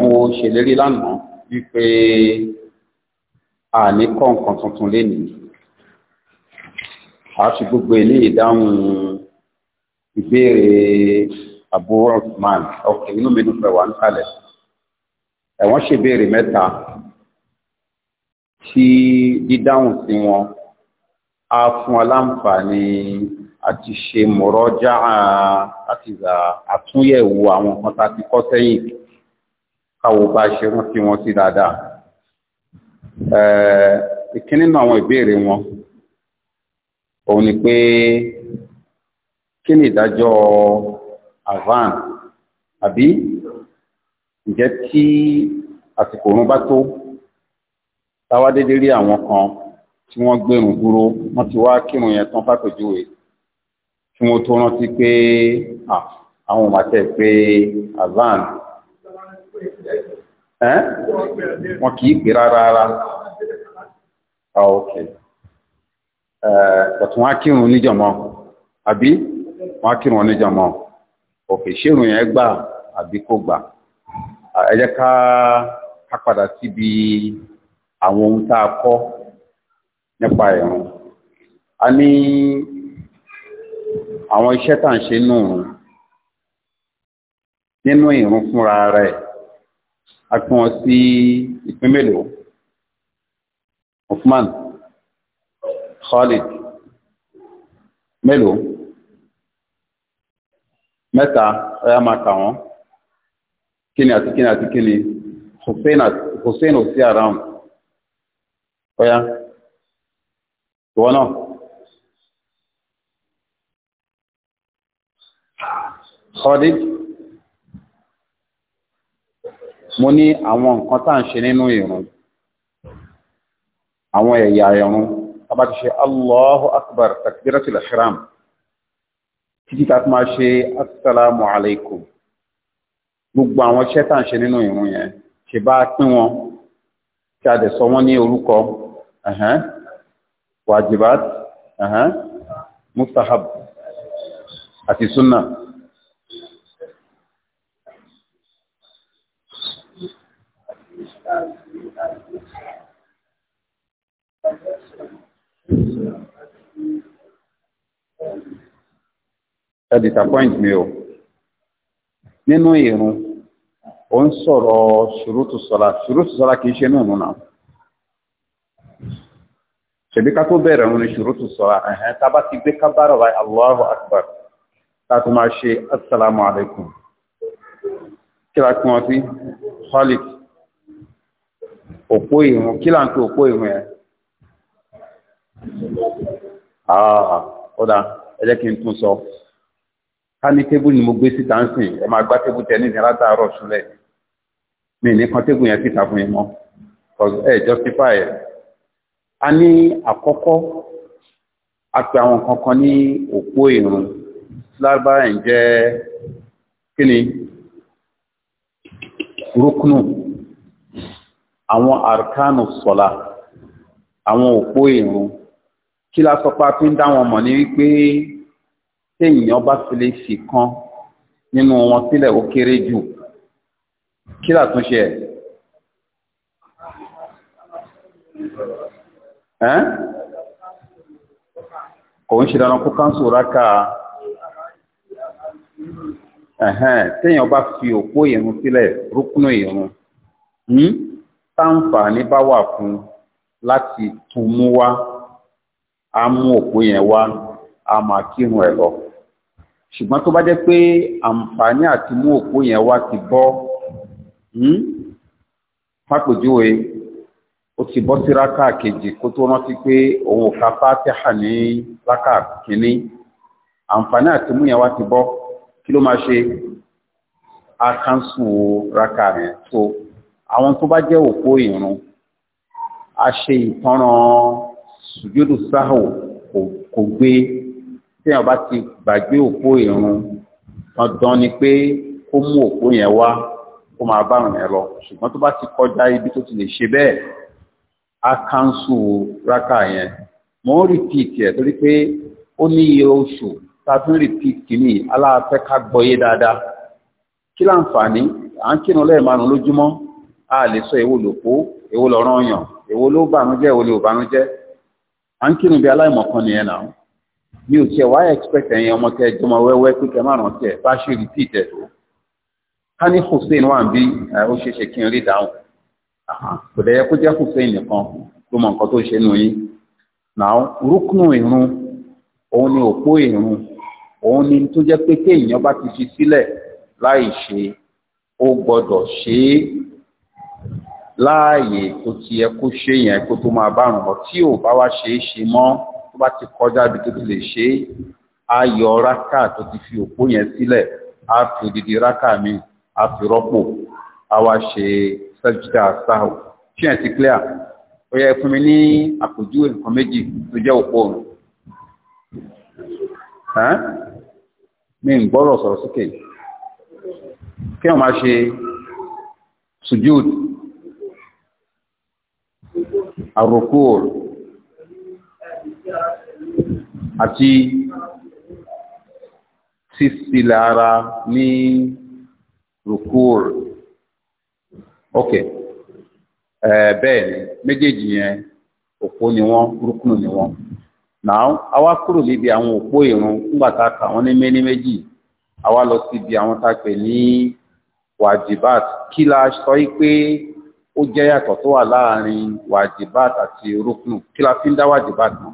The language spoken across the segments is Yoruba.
mo ṣèlérí lánàá wípé àní kọ̀ọ̀kan tuntun lénìí a ti gbogbo ilé ìdáhùn ìbéèrè Abu Rahman ọkùnrin inú mi dúpẹ́ wà ń kalẹ̀ ẹ̀wọ́n ṣèbéèrè mẹ́ta tí dídáhùn sí wọn á fún aláǹfààní àti ṣe mọ̀rọ́jà àti àtúnyẹ̀wò àwọn nǹkan tá a ti kọ́ sẹ́yìn káwò bá ṣe rántí wọn sí dáadáa ìkíní nínú àwọn ìbéèrè wọn òun ni pé kí ni ìdájọ́ avan àbí ǹjẹ́ tí àsìkò òun bá tó táwa dédé rí àwọn kan tí wọ́n gbẹ̀rùn dúró wọ́n ti wá kírun yẹn tán fàpèjúwe tí wọ́n tó rántí pé àwọn ò pé avan ẹ́ wọn kì í pè rárá rárá ah, ok eh, bọ̀tún wá kírun níjọ̀mọ́ àbí wọ́n kírun níjọ̀mọ́ ok ṣérun yẹn gbà àbí gbà ah, ká padà síbi àwọn ohun tá a kọ́ nípa ìrun a ní àwọn iṣẹ́ ṣe nínú fúnra a pín wọn sí ìpín mélòó Uthman Khalid mélòó mẹ́ta ẹ̀yà máa kà wọ́n kíni àti kíni àti kíni Hussein ò sí around ọ̀yá ìwọ náà. Khalid mo ní àwọn nǹkan tá à ń ṣe nínú ìrun àwọn ẹ̀yà ìrun tábà ti ṣe allahu akbar takbiratul ihram títí tá a ti máa ṣe assalamu alaikum gbogbo àwọn iṣẹ́ tá à ń ṣe nínú ìrun yẹn ṣe bá pín wọn tí a dẹ̀ sọ wọ́n ní orúkọ wajibat mustahab àti sunnah. ẹ disappoint mi o nínú ìrun ó ń sọ̀rọ̀ ṣùrùtù sọ́lá ṣùrùtù sọ́lá kìí ṣe náà múnà ṣebí ká tó bẹ̀rẹ̀ òun ni ṣùrùtù sọ́lá ẹ̀hẹ́n tábà ti gbé kábàrọ̀ láì Allahu Akbar láti máa ṣe assalamu alaikum kíra kí wọ́n sí Khalid òpó ìrun kílà ń pè òpó ìrun ẹ̀ ọ̀dà ah, ẹ̀jẹ̀ kí n tún sọ ká ní tébù ni mo gbé síta ń sìn ẹ máa gbá tébù tẹ ní ìrìnlá tààrọ̀ ṣúlẹ̀ mi ní kan tébù yẹn síta fún yín mọ́ ẹ ẹ̀ a ní àkọ́kọ́ a pe àwọn kankan ní òpó ìrun lábá ẹ̀ ń jẹ́ kí ni rúknù àwọn arkanu sọ̀la àwọn òpó ìrun kí la sọ pé a fi ń dá wọn mọ̀ ní wípé téèyàn bá fi lè fi kan nínú wọn sílẹ̀ ó kéré jù kí làtúnṣe ẹ̀ ẹ́n kò ń ṣe dandan kó káńsù rákà ẹ̀hẹ́n téèyàn bá fi òpó ìrun sílẹ̀ rúkúnù ìrun hmm, táǹfààní bá wà fún láti tún mú wá á mú òpó yẹn wá á máa kírun ẹ̀ lọ ṣùgbọ́n tó bá jẹ́ pé àǹfààní àti mú òpó yẹn wá ti bọ́ hmm? fàpèjúwe ó ti bọ́ sí rákà kejì kó tó rántí pé òun ò ka fátíhà ní rákà kínní àǹfààní àti mú yẹn wá ti bọ́ kí ló máa ṣe á kánṣu rákà yẹn tó àwọn tó bá jẹ́ òpó ìrun a ṣe ìtanràn sùjúdù sáhù kò gbé téèyàn bá ti gbàgbé òpó ìrun dandan ni pé kó mú òpó yẹn wá kó máa bá rìn yẹn lọ ṣùgbọ́n tó bá ti kọjá ibi tó ti lè ṣe bẹ́ẹ̀ á kánṣu rákà yẹn mò ń rìpíìtì ẹ̀ torí pé ó ní iye oṣù tá a fi rìpíìtì kìíní aláàfẹ́ ká gbọ́yé dáadáa kí láǹfààní à ń kírun lẹ́ẹ̀márùn lójúmọ́ a lè sọ èwo lòpó èwo lọ́rọ̀ yàn èwo ló bànújẹ́ èwo ló bànújẹ́ à ń kírun bí aláìmọ̀kan nìyẹn náà mi ò tiẹ̀ wáyà expect ẹ̀yin ọmọ tẹ jọmọ wẹ́wẹ́ pé kẹ má rántí ẹ̀ bá ṣe repeat ẹ̀ tó ká ní Hussein wà ń bí ó ṣe ṣe kí n rí dáhùn kò dẹ̀ yẹ kó jẹ́ Hussein nìkan ló mọ nǹkan tó ṣe nù yín náà rúkùnù ìrun òun ni òpó ìrun òun ni tó jẹ́ pé kéèyàn bá ti fi sílẹ̀ láì ṣe ó gbọ́dọ̀ ṣe é láàyè tó ti yẹ kó ṣe yẹn kó tó máa bárùn lọ tí ò bá wá ṣe é ṣe mọ́ tó bá ti kọjá ibi tó ti lè ṣe é á yọ rákà tó ti fi òpó yẹn sílẹ̀ á fi odidi rákà mi á fi rọ́pò á wá ṣe sẹ́júdà sáhù ṣé yẹn ti clear ó yẹ fún mi ní àpèjúwe nǹkan méjì tó jẹ́ òpó òrùn mi ń gbọ́rọ̀ sọ̀rọ̀ sókè kí wọ́n máa ṣe sùjúùdù. arukur ati sísílẹ̀ ara ni Rukur. ok bẹ́ẹ̀ ni méjèèjì yẹn òpó ni wọ́n rúkúnù ni wọ́n Na àwa kúrò níbi àwọn òpó ìrun nígbà tá a kà wọ́n ní méní méjì àwa lọ síbi àwọn tá a pè ní kí la sọ yìí pé ó jẹ́ yàtọ̀ tó wà láàrin wàjibát àti rúknù kí la fi ń dá wàjibát mọ̀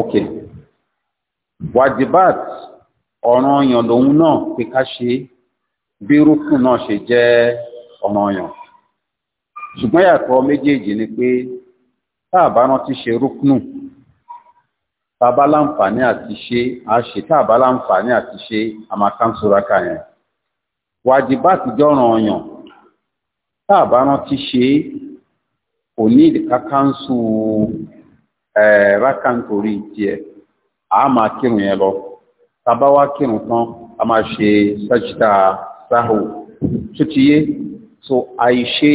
ok wàjibát ọ̀ràn ọ̀yàn lòun náà pé ká ṣe bí rúknù náà ṣe jẹ́ ọ̀ràn ọ̀yàn ṣùgbọ́n yàtọ̀ méjèèjì ni pé tá a bá rántí ṣe rúknù tàbá láǹfààní àti ṣe a ṣe àti ṣe àmàkánsoraka yẹn wàjìbá àtijọ́ ràn ṣe kò ní rákàntorí a máa kírun yẹn lọ tàbá kírun tán a máa ṣe sájìdá sáhù tó ti yé so àìṣe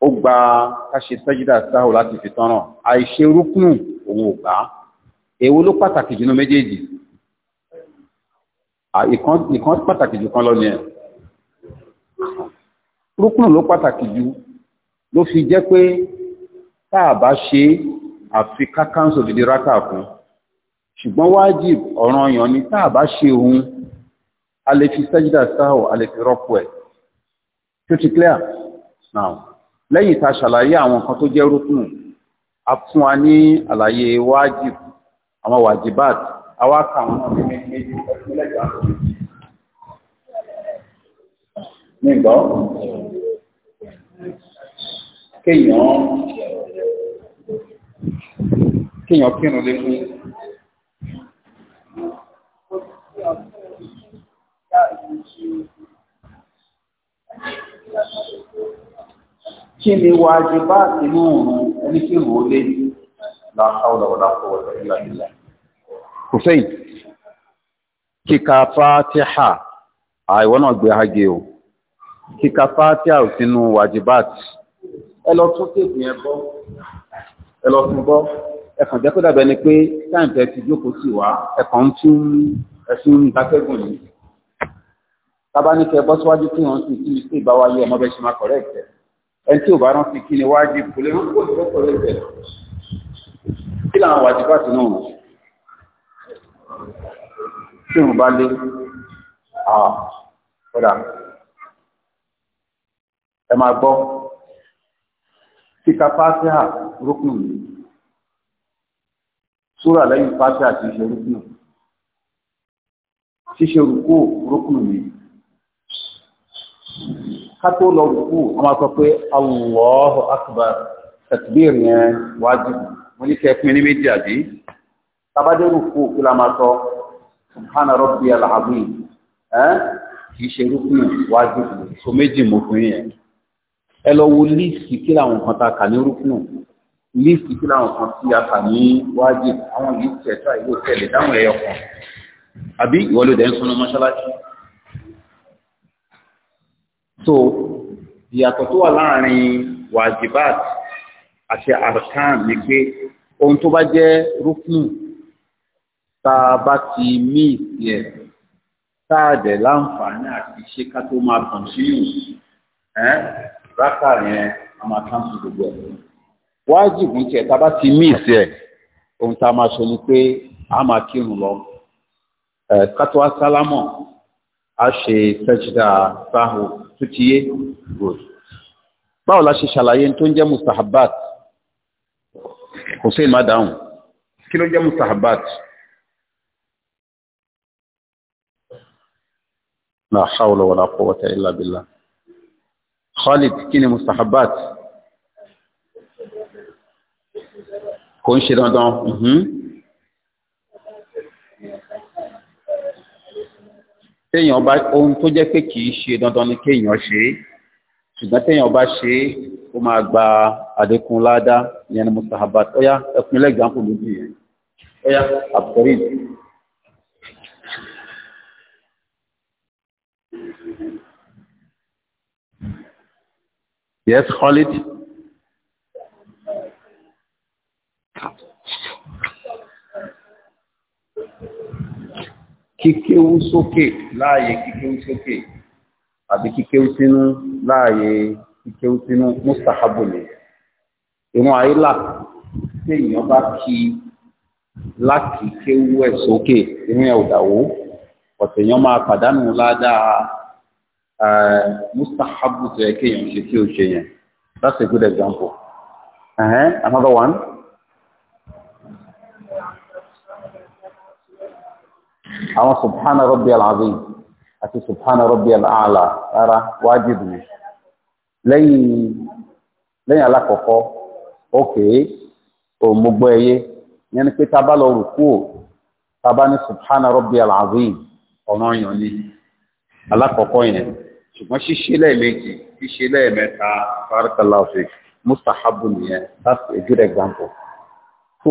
ó gba káṣe sẹ́jídà sáhù láti fi tọ́nà àìṣe rúkùnù òun ò gbà èwo ló pàtàkì jù méjèèjì ìkan pàtàkì jù kan lọ rúkùnù ló pàtàkì jù ló fi jẹ́ pé tá a bá ṣe àfi ká káńsò dídí rákà fún ṣùgbọ́n wájib ọ̀ranyàn ni tá a bá ṣe òun a lè fi sẹ́jídà sáhù a lè fi rọ́pò ẹ̀ tó ti clear now lẹ́yìn tá a ṣàlàyé àwọn nǹkan tó jẹ́ rúkùnù a fún wa ní àlàyé wájib àwọn wàjibat àwa kà wọn náà ní méjì lẹ́gbàá ní gbọ́ kéèyàn kéèyàn kírun lé fún kí ni wájú bá ti mú òun ẹni kí wò ó lé láhàúlà ọ̀làkọ̀ ọ̀là ìlà ìlà. hussein kíka fatiha àìwọ́ náà gbé hage o kíka fatiha ò sínú wajibat ẹ lọ tún tètè yẹn bọ́ ẹ lọ tún bọ́ ẹ kàn jẹ́ kó dàbẹ́ ni pé táyìn tẹ́ ti jókòó sí wa ẹ kàn ń tún ẹ̀sùn ìdákẹ́gùn yìí tábánikẹ́ bọ́ síwájú kí wọ́n sì kí ìbáwáyé ọmọ bẹ́ẹ̀ ṣe máa kọ̀rẹ́ ìtẹ́ ẹni tí ò bá rántí kí ni wájú kò lè rántí kò lè rọ́pọ̀ rẹ̀ bẹ̀rẹ̀ kí làwọn wájú bá ti náà tí wọ́n bá lé ọ̀dà ẹ máa gbọ́ kíka fásíà rúkùn ní súrà lẹ́yìn fásíà ti ṣe rúkùn ṣíṣe rúkù rúkùn ní kátó lọ kú a máa sọ pé Allahu Akbar takbir yẹn wájú mo ní kẹ́ pin ní méjì àbí tabadẹ́rù kú kí la máa sọ subhana rabbiyal azim ẹ́ kì í ṣe rúkún wájú so méjì mo fún yẹn ẹ lọ wo líìsì kí làwọn nǹkan ta kà ní rúkún líìsì kí làwọn kan tí a kà ní wájú àwọn yìí tẹ̀ tá ìwé tẹ̀lé dáhùn ẹ̀yọ kan àbí ìwọ ló ń súnú mọ́ṣáláṣí so ìyàtọ̀ tó wà láàrin wajibat àti arkan ni pé ohun tó bá jẹ́ rúknù tá a bá ti mí ìsìẹ̀ táàdẹ̀ láǹfààní àti ṣé ká tó máa kọ̀ǹtínú ẹ́ rákà yẹn a máa kán sí gbogbo ẹ̀. wájìbù tiẹ̀ tá a bá ti mí ìsìẹ̀ ohun tá a máa ṣe ni pé a máa kírun lọ ẹ̀ ká tó wá sálámọ̀ a ṣe sẹ́jìdá sáhù tútíyé good báwo la ṣe ṣàlàyé tó ń jẹ́ mustahabat hussein madahun kí ló jẹ́ mustahabat la hawla wala quwwata illa billah khalid kí ni mustahabat kò ṣe dandan mhm. téèyàn bá ohun tó jẹ́ pé kì í ṣe dandan ni kéèyàn ṣe é ṣùgbọ́n téèyàn bá ṣe é ó máa gba àdékùn ládá ìyẹn ni mustahabat ó yá ẹkùn lẹ́gbàápù lójú yẹn ó yá abdulkareem. Yes, Khalid. kíkéwú sókè láàyè kíkéwú sókè àbí kíkéwú sínú láàyè kíkéwú sínú mustahabu ni ìrun àyílà tí èèyàn bá kí láti kéwú ẹ̀ sókè ìrun ẹ̀ òdàwó ọ̀tẹ̀ èèyàn máa pàdánù ládàá mustahabu tó yẹ kéèyàn ṣe kí o ṣe yẹn that's a good example. Uh -huh. Another one. àwọn subhana rabbiyal àti subhana rabbiyal a'la rárá wájìbù ni lẹ́yìn lẹ́yìn alakọkọ, ókè òmùgbọ ẹyẹ yẹn ni pé tá a bá lọ rùkú ò tá a bá ní subhana ni yẹn ṣùgbọ́n ṣíṣe lẹ́ẹ̀mejì ṣíṣe mustahabu nìyẹn that's a good example. so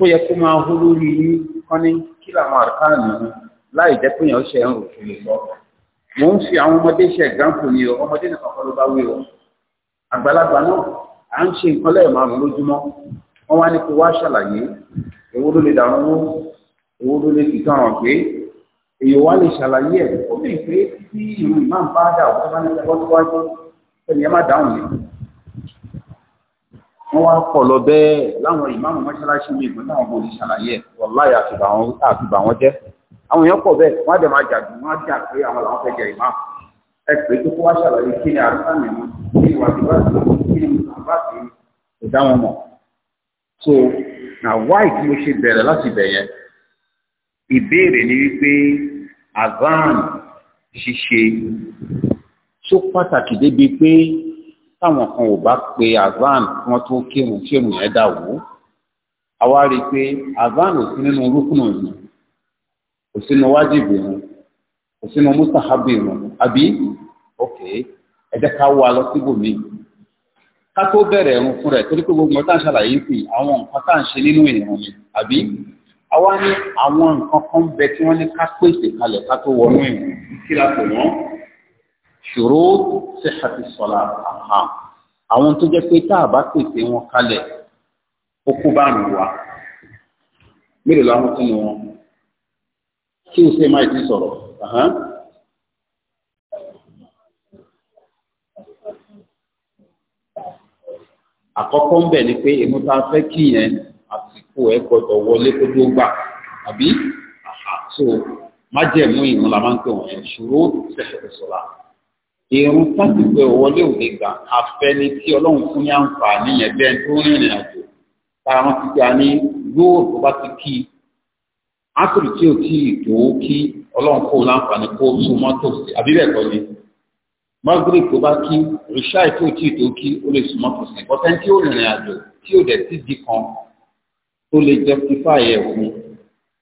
ó yẹ kó máa hó lórí yín kán ní kí làwọn àkáàní láì jẹ́ pé yẹn ó ṣe ń rò fún mi sọ. mo ń fi àwọn ọmọdé ṣe ẹ̀gáǹpù ni o ọmọdé nìkan kọ́ ló bá wí o àgbàlagbà náà à ń ṣe nǹkan lẹ́yìn márùn lójúmọ́ wọ́n wá ní kó wá ṣàlàyé èwo ló lè dàrú wọn èwo ló lè fi kàn án pé èyí wá lè ṣàlàyé ẹ̀ ó bì pé tí ìlú ìmáà ń bá dà ó bá ní ẹgbẹ́ tó wájú ẹni ẹ má dáhùn yìí wọ́n wá pọ̀ lọ bẹ́ẹ̀ láwọn ìmáàmù mọ́ṣáláṣí mi ìgbọ́n táwọn bò ní ṣàlàyé ẹ̀ wọláì àfìbà wọn jẹ́ àwọn èèyàn pọ̀ bẹ́ẹ̀ wọ́n á dẹ̀ máa jàdù wọ́n á jà pé àwọn làwọn fẹ́ jẹ ìmáàmù ẹ pé kókó wá ṣàlàyé kí ni àrùsáàmì wọn kí ni wàá ti bá ti kí ni bá ti kò dá wọn mọ̀ so na why kí mo ṣe bẹ̀rẹ̀ láti bẹ̀ yẹn ìbéèrè ni wípé azan ṣíṣe tó pàtàkì débi pé táwọn kan ò bá pe avan kí wọ́n tó kírun tí òun yẹn dà wó àwa rí i pé avan ò sí nínú rúkúnù yìí kò sínú wájìbì wọn kò sínú mustahabi wọn àbí ok ẹ jẹ́ ká wá lọ síbòmíì ká tó bẹ̀rẹ̀ ẹ̀rùn fún rẹ̀ torí pé gbogbo ọ̀tá ṣàlàyé sí àwọn nǹkan tá à ń ṣe nínú ìrìn ni àbí àwa ní àwọn nǹkan kan ń bẹ tí wọ́n ní ká pèsè kalẹ̀ ká tó wọnú ìrìn kí la pè wọ́n ṣòro ṣe àti sọ̀la haram àwọn tó jẹ́ pé tá a bá pèsè wọn kalẹ̀ ó kó bá mi wá mélòó làwọn tó ní wọn kí o ṣe máa ti sọ̀rọ̀ àkọ́kọ́ ń bẹ̀ ni pé èmi tá a fẹ́ kí yẹn àsìkò ẹ̀ gbọ́dọ̀ wọlé kó tó gbà àbí àṣà tó májẹ̀mú ìmúlá ń pè wọ́n yẹn ṣòro tẹ̀sẹ̀ èrún sásìkò ìwọlé òde gbà afẹ́ni tí ọlọ́run fún ní àǹfààní yẹn bẹ́ẹ̀ tó ń rìnrìn àjò tára wọn ti gbà ní yóò tó bá ti kí ákùrù tí ò tí ì tó kí ọlọ́run kó láǹfààní kó tó mọ́tò sí àbíbẹ̀kọ ni mọ́gírì tó bá kí rìṣáì tó tí ì tó kí ó lè sùn mọ́tò sí ọ̀tẹ́ tí ó rìnrìn àjò tí ò dẹ̀ ti di kan tó lè justify ẹ̀ fún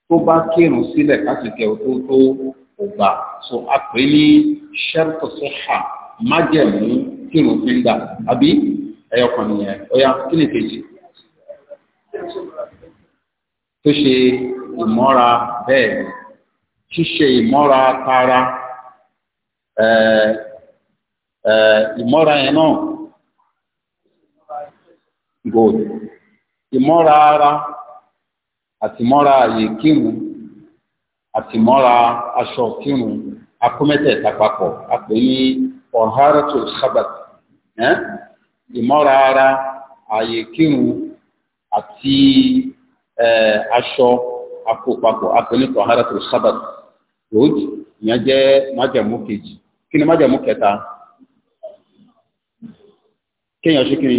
tó bá kírun sílẹ̀ kásìkẹ̀ tó tó kò gbà so a pè ní ṣẹ́tù sọ́fà májẹ̀mú kírun fi ń gbà àbí ẹ̀yọkàn nìyẹn ọ̀yà kí ni kejì tó ṣe ìmọ́ra bẹ́ẹ̀ ṣíṣe ìmọ́ra tara ìmọ́ra yẹn náà gold ìmọ́ra ara àti ìmọ́ra àyè kírun. àtìmọ́ra aṣọ kírun akómẹ́tẹ̀ẹ̀ta papọ̀ àpè ní ọ̀hárọ̀tò sábà ìmọ́ra ara ààyè kírun àti aṣọ akópapọ̀ àpè ní ọ̀hárọ̀tò sábà lòdì ìyẹn jẹ́ májàmú kejì kí ni májàmú kẹta kéèyàn ṣe kiri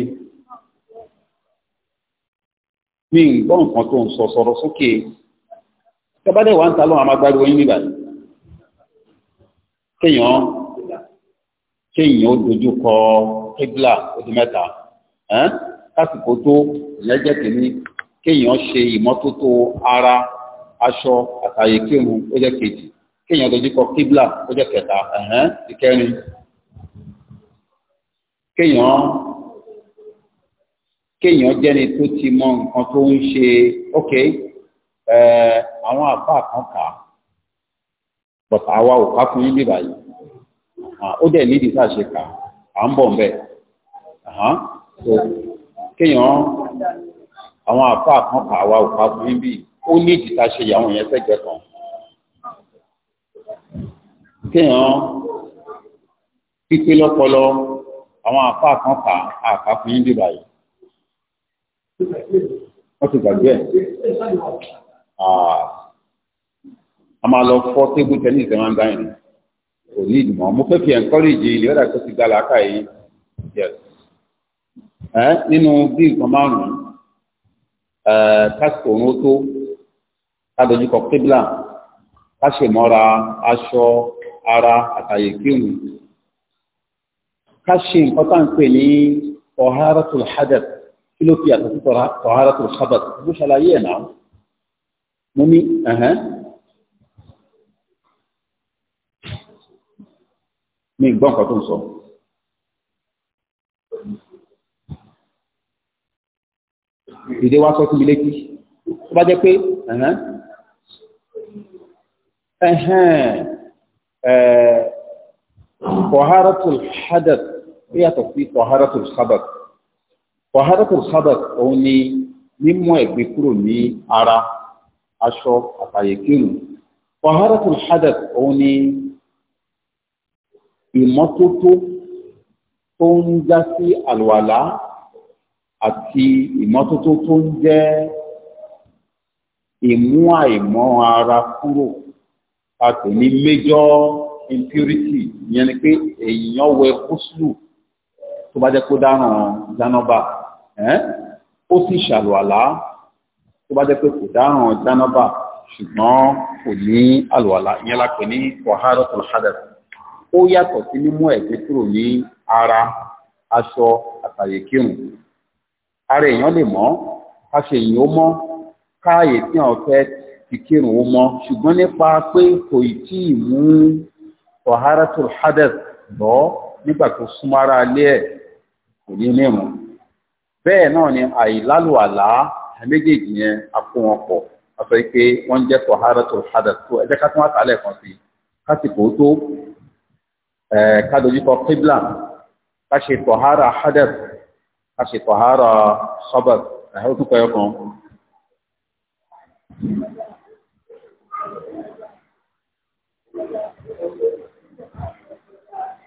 mi ń gbọ́ nǹkan tó ń tẹ́bádẹ̀ wà ń ta lọ́wọ́ amagbáriwo yín nígbà kéèyàn kéèyàn ó dojú kọ kébìlà odi mẹ́ta lásìkò tó ìyẹn kìíní kéèyàn ṣe ìmọ́tótó ara aṣọ àtàyè kírun ó jẹ́ kejì kéèyàn dojú kọ kébìlà ó jẹ́ kẹta ìkẹrin kéèyàn kéèyàn jẹ́ni tó ti mọ nǹkan tó ń ṣe ókè. Okay àwọn àfáà kan kà á but àwa ò ká fún yín bíbá yìí ó dẹ̀ nídìí tá a ṣe kà á ń bọ̀ nbẹ̀ kéèyàn àwọn àfáà kan kà àwa ò ká fún yín bíi ó nídìí tá a ṣe yàwọn yẹn sẹ́gbẹ̀ẹ́ kan kéèyàn pípé lọ́pọlọ àwọn àfáà kan kà á ká fún yín bíbá yìí wọ́n ti gbàgbé ẹ̀. Ah, a máa lọ fọ́ tébù tẹ́nísì tẹ́ máa ń gbá yẹn kò ní ìdìmọ̀ mo fẹ́ fi ẹ̀ńkọ́rẹ́jì ilé ọ̀dà tó ti gba làákà yìí ẹ nínú bí nǹkan márùn-ún kásìkò eh, òun ó tó kádojúkọ kébìlà káṣèmọ́ra aṣọ ara àtàyè kírun káṣe nǹkan tá à ń pè ní ọ̀hárátùl hadath kí ló fi àtàkùn ọ̀hárátùl hadath bó ṣàlàyé ẹ̀ náà mo ní ẹ̀hẹ́n mi gbọ́ nǹkan tó ń sọ. Ìdè wa sọ sí mi létí. Ó bá jẹ́ pé ẹ̀hẹ́n ẹ̀hẹ́n Tọ̀hárátùl Hadad yàtọ̀ sí Tọ̀hárátùl Sábàt. Tọ̀hárátùl Sábàt òun ni mímọ́ ẹ̀gbin kúrò ní ara aṣọ àtàyèkìrù wàhálàtul hadath òun ni ìmọ́tótó tó ń já sí àlùwàlá àti ìmọ́tótó tó ń jẹ́ ìmú àìmọ́ ara kúrò a pè ní major impurity ìyẹn ni pé èèyàn wẹ kúsùlù tó bá jẹ́ kó dáràn jánábà ó sì ṣàlùwàlá tó bá jẹ́ pé kò dáràn ṣùgbọ́n kò ní àlùwàlá ìyẹn ní wàhálà tó ó yàtọ̀ sí mímú ẹ̀gbẹ́ kúrò ní ara aṣọ àtàyè ara èèyàn lè mọ́ káṣe ó mọ́ káàyè tí fẹ́ ti mọ́ ṣùgbọ́n nípa pé kò ì tí ì mú bẹ́ẹ̀ náà ni àìlálùwàlá méjèèjì yẹn a kó wọn pọ̀ a sọ pé wọ́n jẹ́ tọ̀hárẹ́tò hadath tó ẹ jẹ́ ká tún wá sàlẹ̀ kan sí i kásìkò tó ká dojúkọ qibla ká ṣe tọ̀hárà hadath ká ṣe tọ̀hárà sọ́bà ẹ̀họ́ tó kọyọ kan.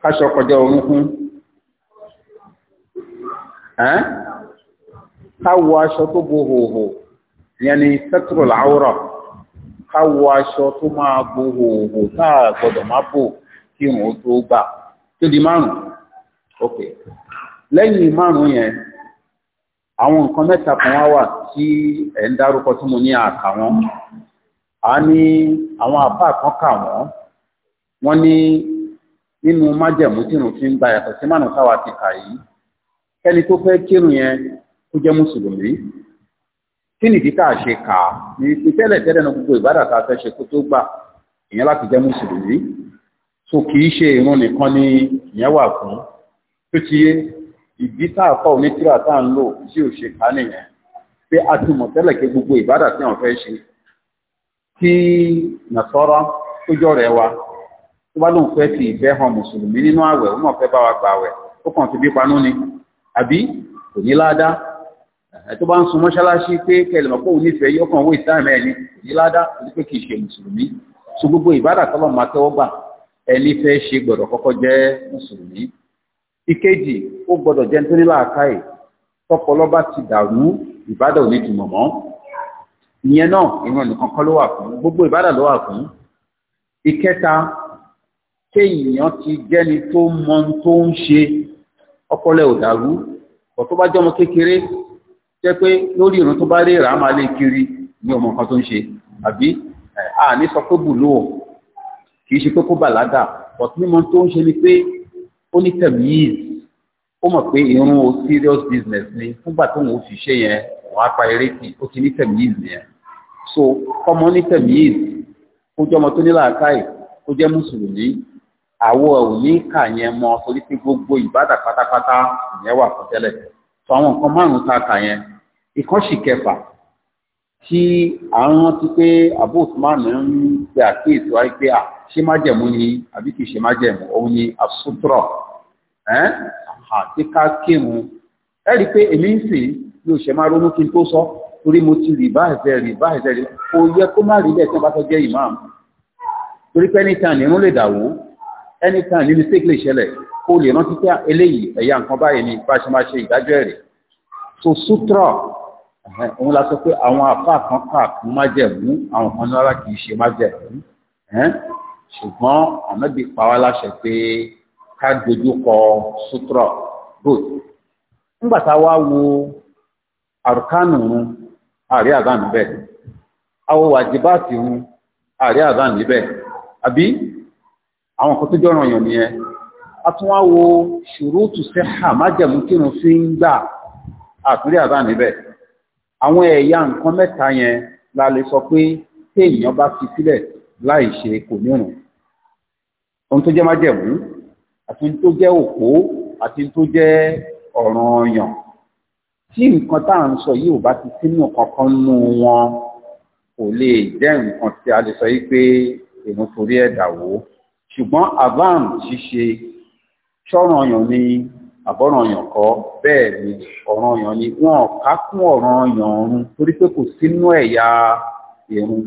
ká ṣe ọkọjọ orúnkún. ká wọ aṣọ tó bo hòhò ìyẹn ni sẹ́tùrọ̀lù àwòrán ká tó máa bo hòhò tá a gbọ́dọ̀ má bò kí irun ó tó gbà di márùn-ún ok lẹ́yìn márùn kan wa tí ń tí mo ní àkà wọn a ní àwọn àbá kan kà ní nínú kó jẹ́ mùsùlùmí kí nìdí tá a ṣe kà á ní pé tẹ́lẹ̀ tẹ́lẹ̀ náà gbogbo ìbádà tá a fẹ́ ṣe kó tó gbà ìyẹn láti jẹ́ so kì í ṣe nìkan ni ìyẹn wà fún tó ti yé ìdí tá a kọ́ onítìrà tá ń lò tí ò ṣe ká nìyẹn pé a ti gbogbo tí fẹ́ ṣe kí tó jọ wa tó bá lóun fẹ́ fi ìfẹ́ hàn mùsùlùmí nínú àwẹ̀ fẹ́ bá wa gbà ni àbí kò tó bá ń sun mọ́ṣáláṣí pé kẹlẹ̀mọ̀ pé òun nífẹ̀ẹ́ yóò kàn owó ìsáàmì ẹni ìládá ní pé kìí ṣe mùsùlùmí so gbogbo ìbádà tọ́lọ̀ máa tẹ́wọ́ gbà ẹni fẹ́ ṣe gbọ́dọ̀ kọ́kọ́ jẹ́ mùsùlùmí ìkejì ó gbọ́dọ̀ jẹ́ nítorí láàkáì tọpọlọ bá ti dàrú ìbádà ò ní túmọ̀ mọ́ ìyẹn náà ìran nìkan kọ́ ló wà fún gbogbo ìbádà ló wà fún ìkẹta kéèyàn ti jẹ́ni tó mọ tó ń ṣe ọpọlọ ò dàrú ọ̀ bá jọmọ kékeré jẹ́ pé lórí ìrùn tó bá lè rà á máa lè kiri ní ọmọ nǹkan tó ń ṣe àbí a ní sọ pé bùlóò kì í ṣe pé kó bàlágà but mímọ̀ tó ń ṣe ni pé ó ní tẹ̀míìs ó mọ̀ pé irun o serious business ni fúngbà tóun ò fi ṣe yẹn wọ́n á pa eré kì ó ti ní tẹ̀míìs yẹn so kọ́mọ ní tẹ̀míìs kó jẹ́ ọmọ tó ní làákàyè kó jẹ́ mùsùlùmí àwọ̀ ò ní kà yẹn mọ́ torí pé gbogbo ìbádà pátápátá ìyẹn wà fún tẹ́lẹ̀ so àwọn nǹkan márùn-ún tá a kà yẹn ìkọ́ṣì kẹfà tí a ń rántí pé Abu Usman ń pe àkíyèsí wáyé pé à ṣé májẹ̀mú ni àbí kìí ṣe májẹ̀mú òun ni àsútúrọ̀ àti ká kírun ẹ rí i pé èmi ń sìn ní òṣè máa ronú kí n tó sọ torí mo ti rì báyìí fẹ́ rì báyìí fẹ́ rì kò yẹ kó má rí bẹ́ẹ̀ tí wọ́n bá fẹ́ jẹ́ ìmáàmù torí pé anytime nínú lè dàwó anytime nínú mistake lè ṣẹlẹ̀ kó lè rántí pé eléyìí ẹ̀yà nǹkan báyìí ni bá ṣe máa ṣe ìdájọ́ ẹ̀rẹ̀ so sutra òun la sọ pé àwọn afá kan kà fún májẹ̀mú àwọn kan náírà kì í ṣe májẹ̀mú ṣùgbọ́n ànábì pa wá láṣẹ pé ká dojú kọ sutura good nígbà tá a wá wo àrùkánù run àrí àdán níbẹ̀ àwọn wàjibáàtì run àrí àdán níbẹ̀ àbí àwọn kan tó jọ̀ràn yàn nìyẹn a tún wá wo ṣùrùtù sẹ́hà májẹ̀mú kírun fi ń gbà àtúndì àdán níbẹ̀ àwọn ẹ̀yà nǹkan mẹ́ta yẹn la lè sọ pé téèyàn bá fi sílẹ̀ láì ṣe kò ní ìrun ohun tó jẹ́ májẹ̀mú àti ohun tó jẹ́ òpó àti ohun tó jẹ́ ọ̀ranyàn tí nǹkan tá à ń sọ yìí ò bá ti sínú kankan nú wọn kò lè jẹ́ nǹkan tí a lè sọ yìí pé èèyàn torí ẹ̀dà wò ṣùgbọ́n avam ṣíṣe ṣọ̀ranyàn ni àbọ̀ràn ọ̀yàn kọ́ bẹ́ẹ̀ ni ọ̀ràn ni wọn ká kún ọ̀ràn ọ̀run torí pé kò sínú ẹ̀yà irun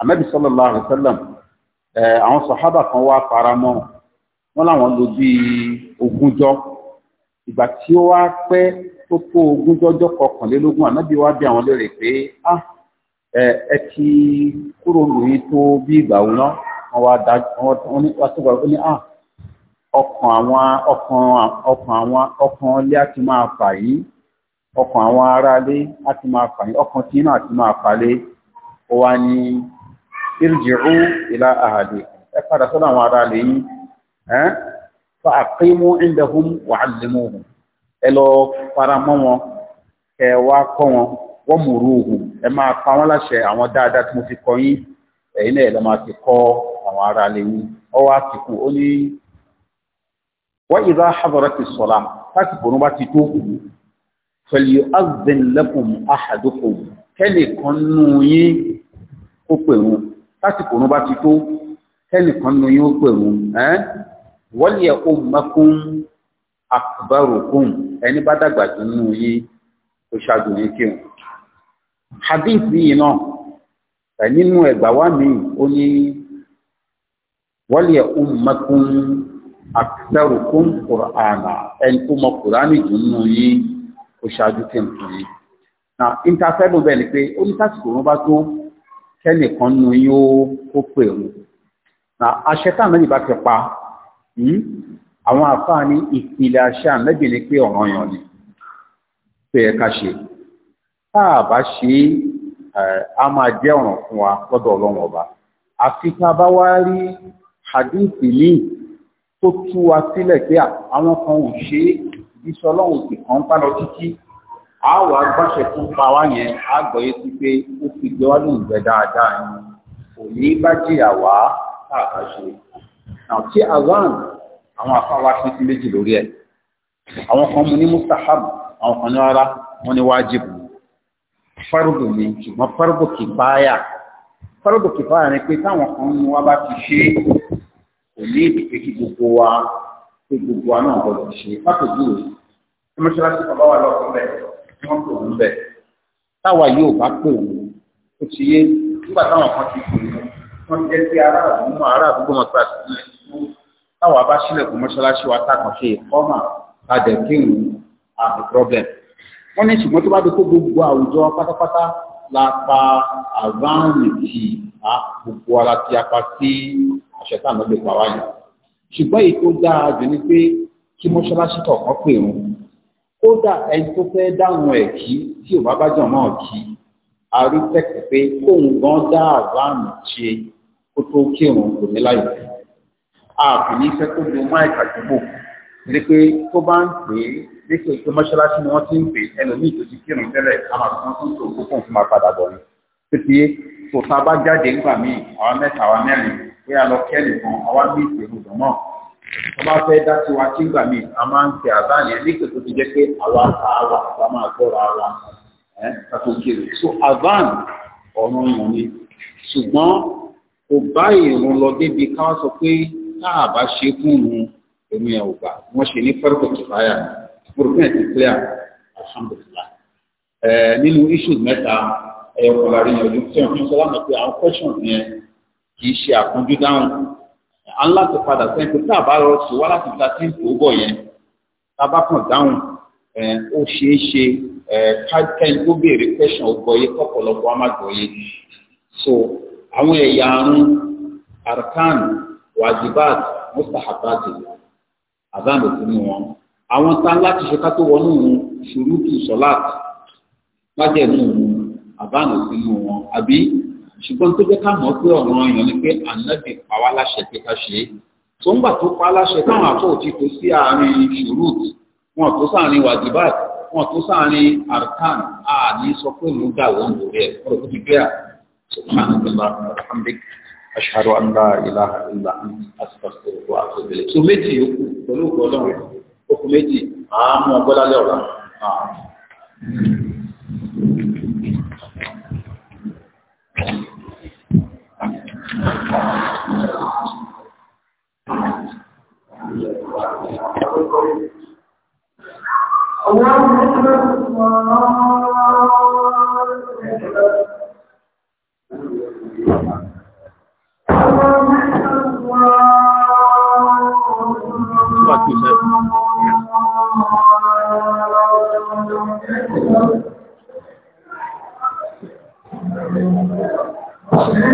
ànábì sallallahu alaihi wasallam àwọn sàhábà kan wá faramọ́ wọn làwọn lò bí ogúnjọ́ ìgbà tí ó wá pẹ́ tó bí àwọn ah, ẹ ti kúrò lóyún tó bí ìgbà wọn wá dájú wọn wá ọkàn àwọn ọkàn ọkàn àwọn ọkàn ilé máa fà yí ọkàn àwọn aráalé á ti máa fà yí ọkàn tí náà ti máa falé ó wá ní ila ahàdè ẹ padà sọ́dọ̀ àwọn ẹ́ fa ẹ lọ fara mọ́ wọn ẹ wá kọ́ wọn wọ́n òhun ẹ máa pa wọ́n láṣẹ àwọn dáadáa tí mo fi yín ẹ̀yin náà ẹ wọ́n ìdá àbọ̀rọ̀ ti sọ̀la láti bọ̀rọ̀ bá ti tó pẹ̀lú azẹ́n lẹ́kùn àhàdókò kẹ́lẹ̀ kan nù yín ó pèrú láti bọ̀rọ̀ bá ti tó kẹ́lẹ̀ kan nù yín ó pèrú wọ́n yẹ kó mẹ́kún àkùbárùkún ẹni bá dàgbà tó nù yín ó ṣáájú yín kírun. hadith yìí náà nínú ẹgbàá wa mi ò ní wọ́n yẹ mẹ́kún akitarukum qur'ana ẹni tó mọ qur'ani jù nínú yín ó ṣáájú kí n fún yín na intafẹ́lù bẹ́ẹ̀ ni pé ó ní tásìkò wọn bá tó kẹ́nìkan nínú yín ó na aṣẹ táwọn ẹni bá ti pa hmm, àwọn àfáà ní ìpìlẹ̀ aṣẹ àmẹ́bì ni pé ọ̀ràn yàn ni pé ẹ ká ṣe tá a bá ṣe a máa jẹ́ ọ̀ràn fún wa lọ́dọ̀ ọlọ́run ọba àfi tá a bá wá rí hadithi míì tó tú wa sílẹ̀ pé àwọn kan ò ṣe é iṣẹ́ ọlọ́run sì kàn ń pálọ títí a wà fún pa yẹn a sí pé ó fi gbé ìgbẹ́ dáadáa ni kò ní bá jìyà wá káàkà ṣe àti azan àwọn afáwa pín sí méjì lórí ẹ̀ àwọn kan mú ní mustahab àwọn kan ní rárá wọn ní wájib fárúbù ni ṣùgbọ́n fárúbù kìfáyà fárúbù kìfáyà ni pé táwọn kan ń wá bá ti ṣe kò ní èdè pé kí gbogbo wa pé gbogbo wa náà gbọdọ̀ ṣe pápẹ́jú rẹ̀ tí mọ́ṣáláṣí bàbá wa lọ́kọ̀ bẹ̀ tí wọ́n pè wọ́n bẹ̀ táwa yóò bá pè wọ́n ó ti yé nígbà táwọn kan ti pè wọ́n jẹ́ sí aráàlú mọ́ aráàlú gbọ́mọ̀ tó àti sílẹ̀ táwa bá sílẹ̀kùn mọ́ṣáláṣí wa tákàn ṣe ìkọ́mà adẹ̀ kéwìn àbí problem wọ́n ní ṣùgbọ́n tó bá dé kó gbogbo àwùjọ pátápátá la pa àváàmì tì á gbogbo sí àṣẹ tá à ń lè pa wáyé ṣùgbọ́n èyí tó dáa jù ni pé kí mọ́ṣáláṣí kọ̀ọ̀kan pè wọn kódà ẹni tó fẹ́ dáhùn ẹ̀ kí tí ò bá bá jọ̀ náà kí a rí tẹ̀kì pé kóun gan dá àbáàmì ṣe kó tó kírun kò ní láyé a kò ní fẹ́ kó lu máìkì àdúgbò ní pé tó bá ń pè é lẹ́sẹ̀ tó mọ́ṣáláṣí ni wọ́n ti ń pè ẹlòmíì tó ti kírun tẹ́lẹ̀ a máa tún tó kókó fún ma padà bọ̀ ni títí tó tá a bá jáde nígbà míì àwa mẹ́ta àwa mẹ́rin pé a lọ kẹ́lì kan àwa mí ìpèrú dùn náà tó bá fẹ́ dá sí wa tí gbà míì a máa ń tẹ àbá yẹn nígbà tó ti jẹ́ pé àwa tá a wà àwa máa gbọ́ra wa ẹ́ kátó kiri so avan ọ̀run ìrùn ni ṣùgbọ́n kò bá ìrùn lọ débi ká sọ pé tá a bá ṣe fún un èmi ẹ̀ ò gbà wọ́n ṣe ní pẹ́rẹ́pẹ́ kìfáyà mo rò pé ẹ̀ ti clear alhamdulilah nínú issues mẹ́ta ẹ̀yọ̀kọ̀ láàrin yọjú tí wọ́n fi sọ lánàá pé àwọn question yẹn kì í ṣe àkúnjú dáhùn à ń láti padà sẹ́yìn pé tá a bá lọ sí wá láti ta tí ń kó bọ̀ yẹn tá a bá kàn dáhùn ó ṣeé ṣe káàkiri tó béèrè question ọgbọ̀ye kọ́pọ̀lọpọ̀ amágbọ̀ye so àwọn ẹ̀yà àrùn arkan wajibat mustahabat azan òfin wọn àwọn tá láti ṣe ká tó wọnú ṣùrùtù sọláàtì májẹ̀mú àbáàmù sínú wọn àbí ṣùgbọ́n tó jẹ́ ká mọ̀ pé ọ̀ràn èèyàn ni pé ànábì pa wá láṣẹ pé ká ṣe é tó ń gbà tó pa láṣẹ táwọn àfọ̀tí tó sí àárín ṣùrùt wọn tó sáàrin wàdìbàt wọn tó sáàrin arkan àní sọ pé òun gbà wọn lórí ẹ kọ́rọ̀ tó ti gbé à subhanahu wa ta'ala ashhadu an la ilaha illa anta astaghfiruka wa atubu ilayk méjì yòókù pẹ̀lú ọgbọ́n ọlọ́run okùn méjì àá ọgbọ́n lálẹ́ ọ̀la. اللهم اكبر اللهم اكبر الله اكبر